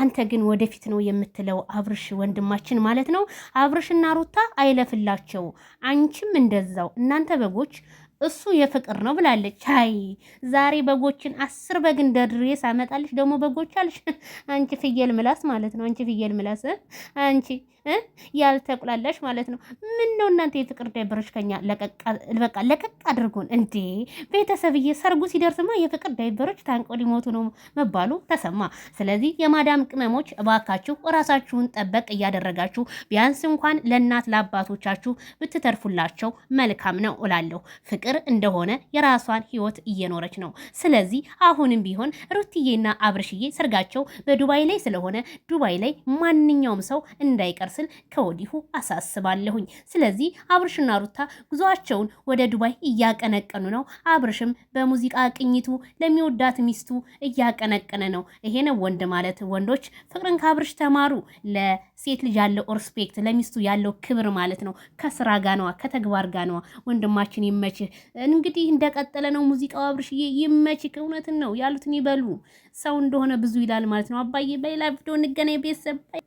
አንተ ግን ወደፊት ነው የምትለው አብርሽ ወንድማችን ማለት ነው። አብርሽና ሩታ አይለፍላቸው፣ አንቺም እንደዛው እናንተ በጎች እሱ የፍቅር ነው ብላለች። አይ ዛሬ በጎችን አስር በግ እንደ ድሬ ሳመጣልሽ ደግሞ በጎች አልሽ። አንቺ ፍየል ምላስ ማለት ነው። አንቺ ፍየል ምላስ፣ አንቺ ያልተቁላላሽ ማለት ነው። ምን ነው እናንተ የፍቅር ዳይበሮች ከኛ በቃ ለቀቅ አድርጉን እንዴ ቤተሰብዬ። ሰርጉ ሲደርስማ የፍቅር ዳይበሮች ታንቆ ሊሞቱ ነው መባሉ ተሰማ። ስለዚህ የማዳም ቅመሞች እባካችሁ እራሳችሁን ጠበቅ እያደረጋችሁ ቢያንስ እንኳን ለእናት ለአባቶቻችሁ ብትተርፉላቸው መልካም ነው እላለሁ። ፍቅር እንደሆነ የራሷን ህይወት እየኖረች ነው። ስለዚህ አሁንም ቢሆን ሩትዬና አብርሽዬ ሰርጋቸው በዱባይ ላይ ስለሆነ ዱባይ ላይ ማንኛውም ሰው እንዳይቀር ስል ከወዲሁ አሳስባለሁኝ። ስለዚህ አብርሽና ሩታ ጉዞአቸውን ወደ ዱባይ እያቀነቀኑ ነው። አብርሽም በሙዚቃ ቅኝቱ ለሚወዳት ሚስቱ እያቀነቀነ ነው። ይሄ ነው ወንድ ማለት። ወንዶች ፍቅርን ከአብርሽ ተማሩ። ለሴት ልጅ ያለው ሪስፔክት፣ ለሚስቱ ያለው ክብር ማለት ነው። ከስራ ጋነዋ ነዋ፣ ከተግባር ጋነዋ ነዋ። ወንድማችን ይመችህ። እንግዲህ እንደቀጠለ ነው ሙዚቃው። አብርሽዬ ይመችክ፣ እውነትን ነው ያሉትን ይበሉ። ሰው እንደሆነ ብዙ ይላል ማለት ነው። አባዬ በሌላ ቪዲዮ እንገናኝ ቤተሰብ